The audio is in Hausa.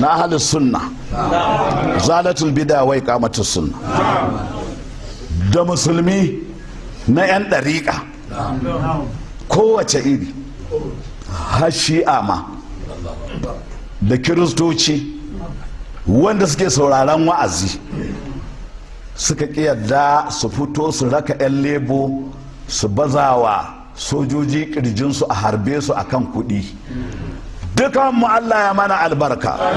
na halin sunna zalatul bida wai kamata sunna da musulmi na 'yan ɗariƙa kowace iri hashi'a ma da kiristoci wanda suke sauraron wa'azi suka ƙiyarda su fito su raka 'yan lebo su bazawa sojoji ƙirjinsu a harbe su a kan kuɗi dukan mu Allah ya mana albarka